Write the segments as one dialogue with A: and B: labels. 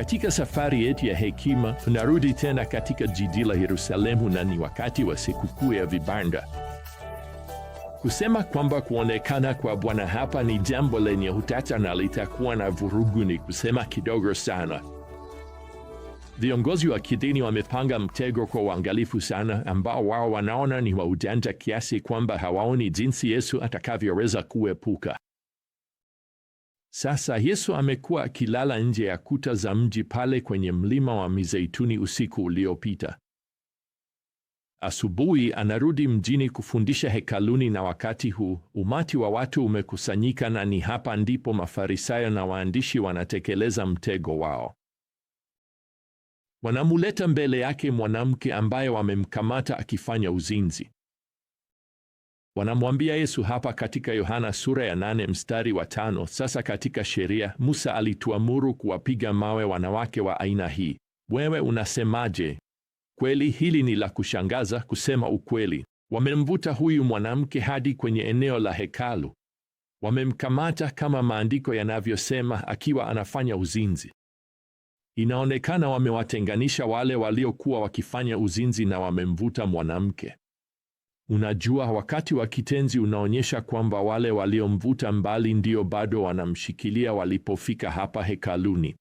A: Katika safari yetu ya hekima tunarudi tena katika jiji la Yerusalemu, na ni wakati wa sikukuu ya vibanda. Kusema kwamba kuonekana kwa Bwana hapa ni jambo lenye utata na litakuwa na vurugu ni kusema kidogo sana. Viongozi wa kidini wamepanga mtego kwa uangalifu sana, ambao wao wanaona ni wa ujanja kiasi kwamba hawaoni jinsi Yesu atakavyoweza kuepuka. Sasa Yesu amekuwa akilala nje ya kuta za mji pale kwenye mlima wa Mizeituni usiku uliopita. Asubuhi anarudi mjini kufundisha hekaluni, na wakati huu umati wa watu umekusanyika, na ni hapa ndipo Mafarisayo na waandishi wanatekeleza mtego wao. Wanamuleta mbele yake mwanamke ambaye wamemkamata akifanya uzinzi. Wanamwambia Yesu hapa katika Yohana sura ya nane mstari wa tano, sasa katika sheria Musa alituamuru kuwapiga mawe wanawake wa aina hii. Wewe unasemaje? Kweli hili ni la kushangaza kusema ukweli. Wamemvuta huyu mwanamke hadi kwenye eneo la hekalu. Wamemkamata kama maandiko yanavyosema akiwa anafanya uzinzi. Inaonekana wamewatenganisha wale waliokuwa wakifanya uzinzi na wamemvuta mwanamke. Unajua, wakati wa kitenzi unaonyesha kwamba wale waliomvuta mbali ndio bado wanamshikilia walipofika hapa hekaluni.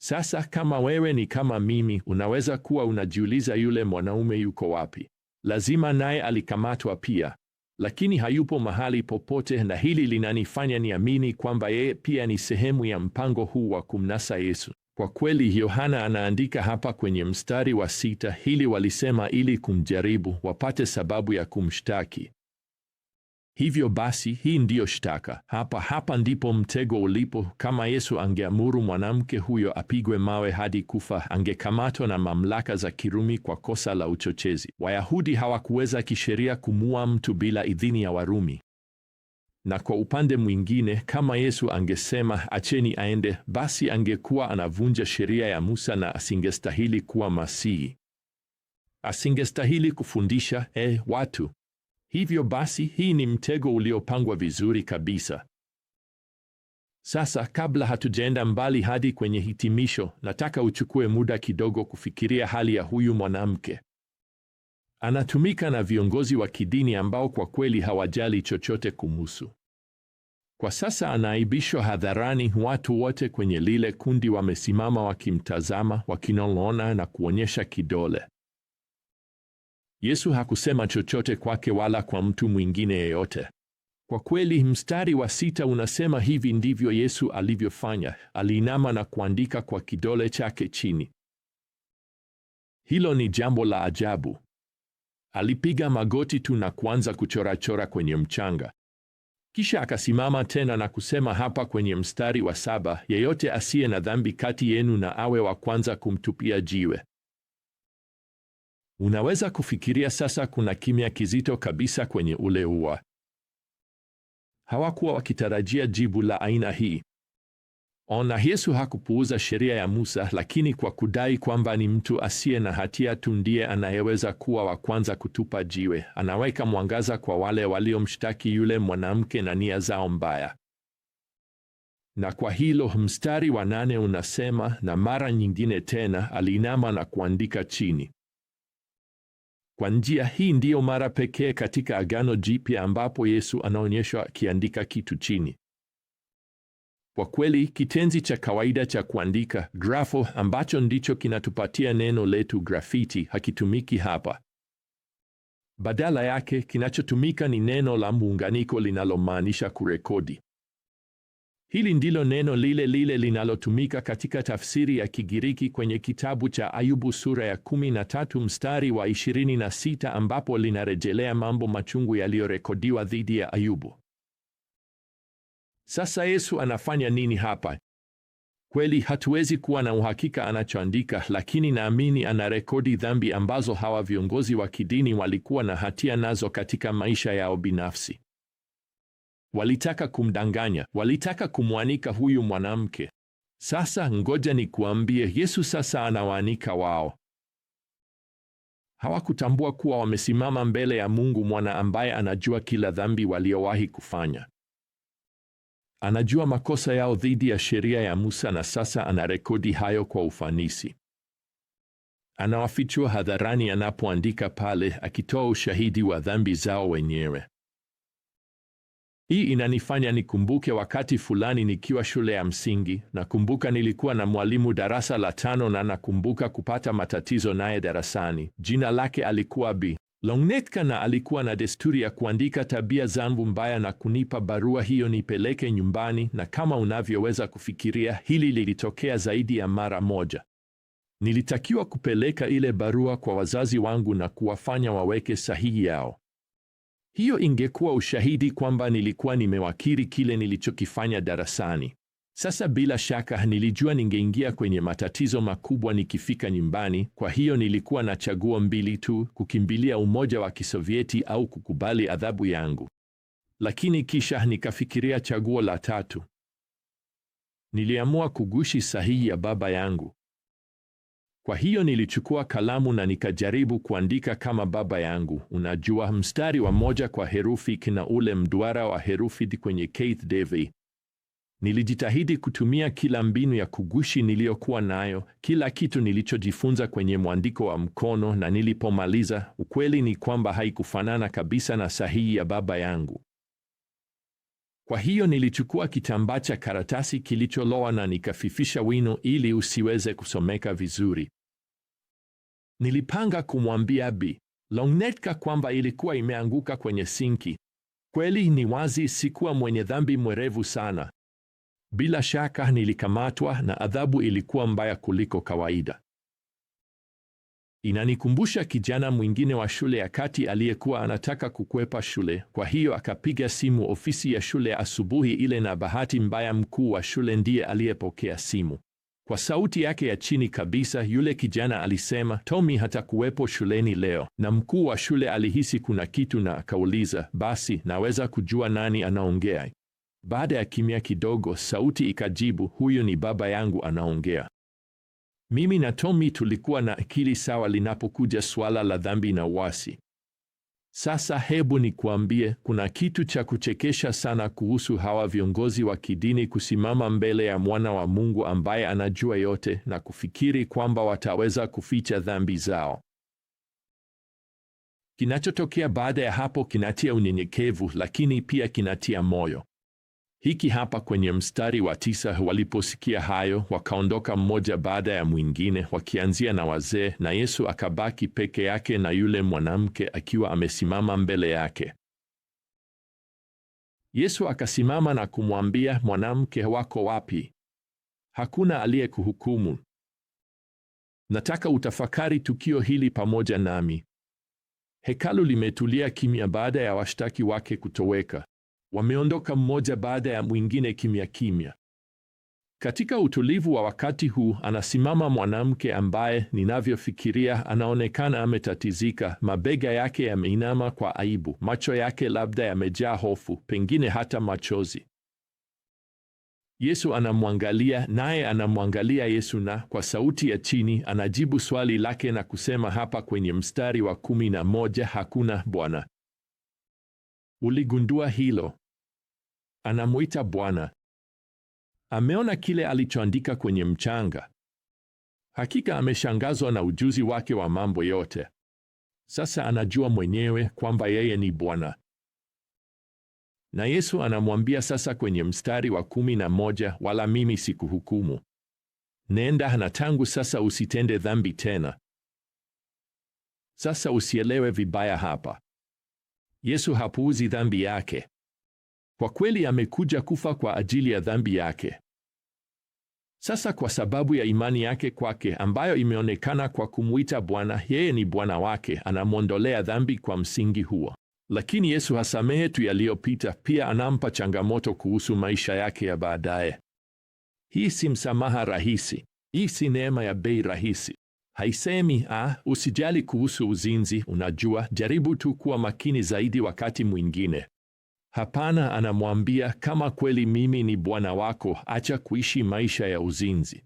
A: Sasa kama wewe ni kama mimi, unaweza kuwa unajiuliza yule mwanaume yuko wapi? Lazima naye alikamatwa pia, lakini hayupo mahali popote, na hili linanifanya niamini kwamba yeye pia ni sehemu ya mpango huu wa kumnasa Yesu. Kwa kweli Yohana anaandika hapa kwenye mstari wa sita, hili walisema ili kumjaribu wapate sababu ya kumshtaki. Hivyo basi, hii ndiyo shtaka. Hapa hapa ndipo mtego ulipo. Kama Yesu angeamuru mwanamke huyo apigwe mawe hadi kufa, angekamatwa na mamlaka za Kirumi kwa kosa la uchochezi. Wayahudi hawakuweza kisheria kumua mtu bila idhini ya Warumi. Na kwa upande mwingine, kama Yesu angesema acheni aende, basi angekuwa anavunja sheria ya Musa na asingestahili kuwa Masihi. Asingestahili kufundisha eh, watu. Hivyo basi, hii ni mtego uliopangwa vizuri kabisa. Sasa, kabla hatujaenda mbali hadi kwenye hitimisho, nataka uchukue muda kidogo kufikiria hali ya huyu mwanamke anatumika na viongozi wa kidini ambao kwa kweli hawajali chochote kumhusu. Kwa sasa anaaibishwa hadharani. Watu wote kwenye lile kundi wamesimama wakimtazama, wakinong'ona na kuonyesha kidole. Yesu hakusema chochote kwake wala kwa mtu mwingine yeyote. Kwa kweli, mstari wa sita unasema hivi ndivyo Yesu alivyofanya, aliinama na kuandika kwa kidole chake chini. Hilo ni jambo la ajabu. Alipiga magoti tu na kuanza kuchorachora kwenye mchanga. Kisha akasimama tena na kusema hapa kwenye mstari wa saba, yeyote asiye na dhambi kati yenu na awe wa kwanza kumtupia jiwe. Unaweza kufikiria sasa, kuna kimya kizito kabisa kwenye ule ua. Hawakuwa wakitarajia jibu la aina hii. Ona, Yesu hakupuuza sheria ya Musa, lakini kwa kudai kwamba ni mtu asiye na hatia tu ndiye anayeweza kuwa wa kwanza kutupa jiwe, anaweka mwangaza kwa wale waliomshtaki yule mwanamke na nia zao mbaya. Na kwa hilo, mstari wa nane unasema, na mara nyingine tena aliinama na kuandika chini. Kwa njia hii ndiyo mara pekee katika Agano Jipya ambapo Yesu anaonyeshwa akiandika kitu chini. Kwa kweli kitenzi cha kawaida cha kuandika grafo, ambacho ndicho kinatupatia neno letu grafiti, hakitumiki hapa. Badala yake kinachotumika ni neno la muunganiko linalomaanisha kurekodi. Hili ndilo neno lile lile linalotumika katika tafsiri ya Kigiriki kwenye kitabu cha Ayubu sura ya 13 mstari wa 26, ambapo linarejelea mambo machungu yaliyorekodiwa dhidi ya Ayubu. Sasa Yesu anafanya nini hapa? Kweli hatuwezi kuwa na uhakika anachoandika, lakini naamini anarekodi dhambi ambazo hawa viongozi wa kidini walikuwa na hatia nazo katika maisha yao binafsi. Walitaka kumdanganya, walitaka kumwanika huyu mwanamke. Sasa ngoja ni kuambie Yesu sasa anawaanika wao. Hawakutambua kuwa wamesimama mbele ya Mungu mwana ambaye anajua kila dhambi waliowahi kufanya. Anajua makosa yao dhidi ya sheria ya Musa na sasa anarekodi hayo kwa ufanisi. Anawafichua hadharani anapoandika pale, akitoa ushahidi wa dhambi zao wenyewe. Hii inanifanya nikumbuke wakati fulani nikiwa shule ya msingi. Nakumbuka nilikuwa na mwalimu darasa la tano, na nakumbuka kupata matatizo naye darasani. Jina lake alikuwa Bi longnetkana alikuwa na desturi ya kuandika tabia zangu mbaya na kunipa barua hiyo nipeleke nyumbani, na kama unavyoweza kufikiria, hili lilitokea zaidi ya mara moja. Nilitakiwa kupeleka ile barua kwa wazazi wangu na kuwafanya waweke sahihi yao. Hiyo ingekuwa ushahidi kwamba nilikuwa nimewakiri kile nilichokifanya darasani. Sasa bila shaka nilijua ningeingia kwenye matatizo makubwa nikifika nyumbani, kwa hiyo nilikuwa na chaguo mbili tu, kukimbilia Umoja wa Kisovieti au kukubali adhabu yangu. Lakini kisha nikafikiria chaguo la tatu. Niliamua kugushi sahihi ya baba yangu. Kwa hiyo nilichukua kalamu na nikajaribu kuandika kama baba yangu. Unajua, mstari wa moja kwa herufi kina ule mduara wa herufi D kwenye Keith Davey. Nilijitahidi kutumia kila mbinu ya kugushi niliyokuwa nayo, kila kitu nilichojifunza kwenye mwandiko wa mkono, na nilipomaliza, ukweli ni kwamba haikufanana kabisa na sahihi ya baba yangu. Kwa hiyo nilichukua kitambaa cha karatasi kilicholoa na nikafifisha wino ili usiweze kusomeka vizuri. Nilipanga kumwambia Bi Longnetka kwamba ilikuwa imeanguka kwenye sinki. Kweli ni wazi sikuwa mwenye dhambi mwerevu sana, bila shaka nilikamatwa na adhabu ilikuwa mbaya kuliko kawaida. Inanikumbusha kijana mwingine wa shule ya kati aliyekuwa anataka kukwepa shule, kwa hiyo akapiga simu ofisi ya shule asubuhi ile, na bahati mbaya mkuu wa shule ndiye aliyepokea simu. Kwa sauti yake ya chini kabisa, yule kijana alisema, Tommy hatakuwepo shuleni leo. Na mkuu wa shule alihisi kuna kitu na akauliza, basi naweza kujua nani anaongea? Baada ya kimya kidogo, sauti ikajibu, huyu ni baba yangu anaongea. Mimi na Tommy tulikuwa na akili sawa linapokuja suala la dhambi na uasi. Sasa hebu nikuambie, kuna kitu cha kuchekesha sana kuhusu hawa viongozi wa kidini kusimama mbele ya mwana wa Mungu ambaye anajua yote na kufikiri kwamba wataweza kuficha dhambi zao. Kinachotokea baada ya hapo kinatia unyenyekevu, lakini pia kinatia moyo. Hiki hapa kwenye mstari wa tisa: waliposikia hayo wakaondoka mmoja baada ya mwingine, wakianzia na wazee, na Yesu akabaki peke yake na yule mwanamke akiwa amesimama mbele yake. Yesu akasimama na kumwambia, mwanamke, wako wapi? Hakuna aliyekuhukumu? Nataka utafakari tukio hili pamoja nami. Hekalu limetulia kimya baada ya washtaki wake kutoweka. Wameondoka mmoja baada ya mwingine kimya kimya. Katika utulivu wa wakati huu, anasimama mwanamke ambaye ninavyofikiria anaonekana ametatizika, mabega yake yameinama kwa aibu, macho yake labda yamejaa hofu, pengine hata machozi. Yesu anamwangalia, naye anamwangalia Yesu, na kwa sauti ya chini anajibu swali lake na kusema hapa kwenye mstari wa kumi na moja, hakuna Bwana. Uligundua hilo? Anamwita Bwana. Ameona kile alichoandika kwenye mchanga. Hakika ameshangazwa na ujuzi wake wa mambo yote. Sasa anajua mwenyewe kwamba yeye ni Bwana. Na Yesu anamwambia sasa kwenye mstari wa kumi na moja, wala mimi sikuhukumu. Nenda na tangu sasa usitende dhambi tena. Sasa usielewe vibaya hapa. Yesu hapuuzi dhambi yake. Kwa kweli amekuja kufa kwa ajili ya dhambi yake. Sasa kwa sababu ya imani yake kwake ambayo imeonekana kwa kumwita Bwana, yeye ni Bwana wake, anamwondolea dhambi kwa msingi huo. Lakini Yesu hasamehe tu yaliyopita, pia anampa changamoto kuhusu maisha yake ya baadaye. Hii si msamaha rahisi, hii si neema ya bei rahisi. Haisemi ah, usijali kuhusu uzinzi, unajua, jaribu tu kuwa makini zaidi wakati mwingine. Hapana, anamwambia, kama kweli mimi ni Bwana wako, acha kuishi maisha ya uzinzi.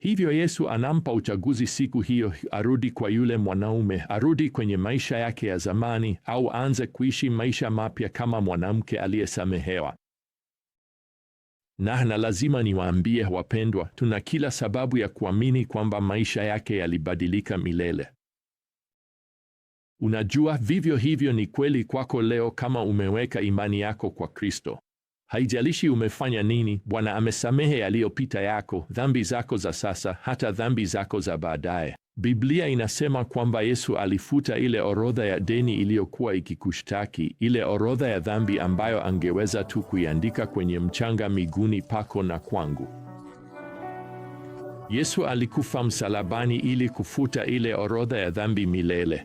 A: Hivyo Yesu anampa uchaguzi siku hiyo: arudi kwa yule mwanaume, arudi kwenye maisha yake ya zamani, au aanze kuishi maisha mapya kama mwanamke aliyesamehewa. Na na lazima niwaambie wapendwa, tuna kila sababu ya kuamini kwamba maisha yake yalibadilika milele. Unajua, vivyo hivyo ni kweli kwako leo kama umeweka imani yako kwa Kristo. Haijalishi umefanya nini, Bwana amesamehe yaliyopita yako, dhambi zako za sasa, hata dhambi zako za baadaye. Biblia inasema kwamba Yesu alifuta ile orodha ya deni iliyokuwa ikikushtaki, ile orodha ya dhambi ambayo angeweza tu kuiandika kwenye mchanga miguuni pako na kwangu. Yesu alikufa msalabani ili kufuta ile orodha ya dhambi milele.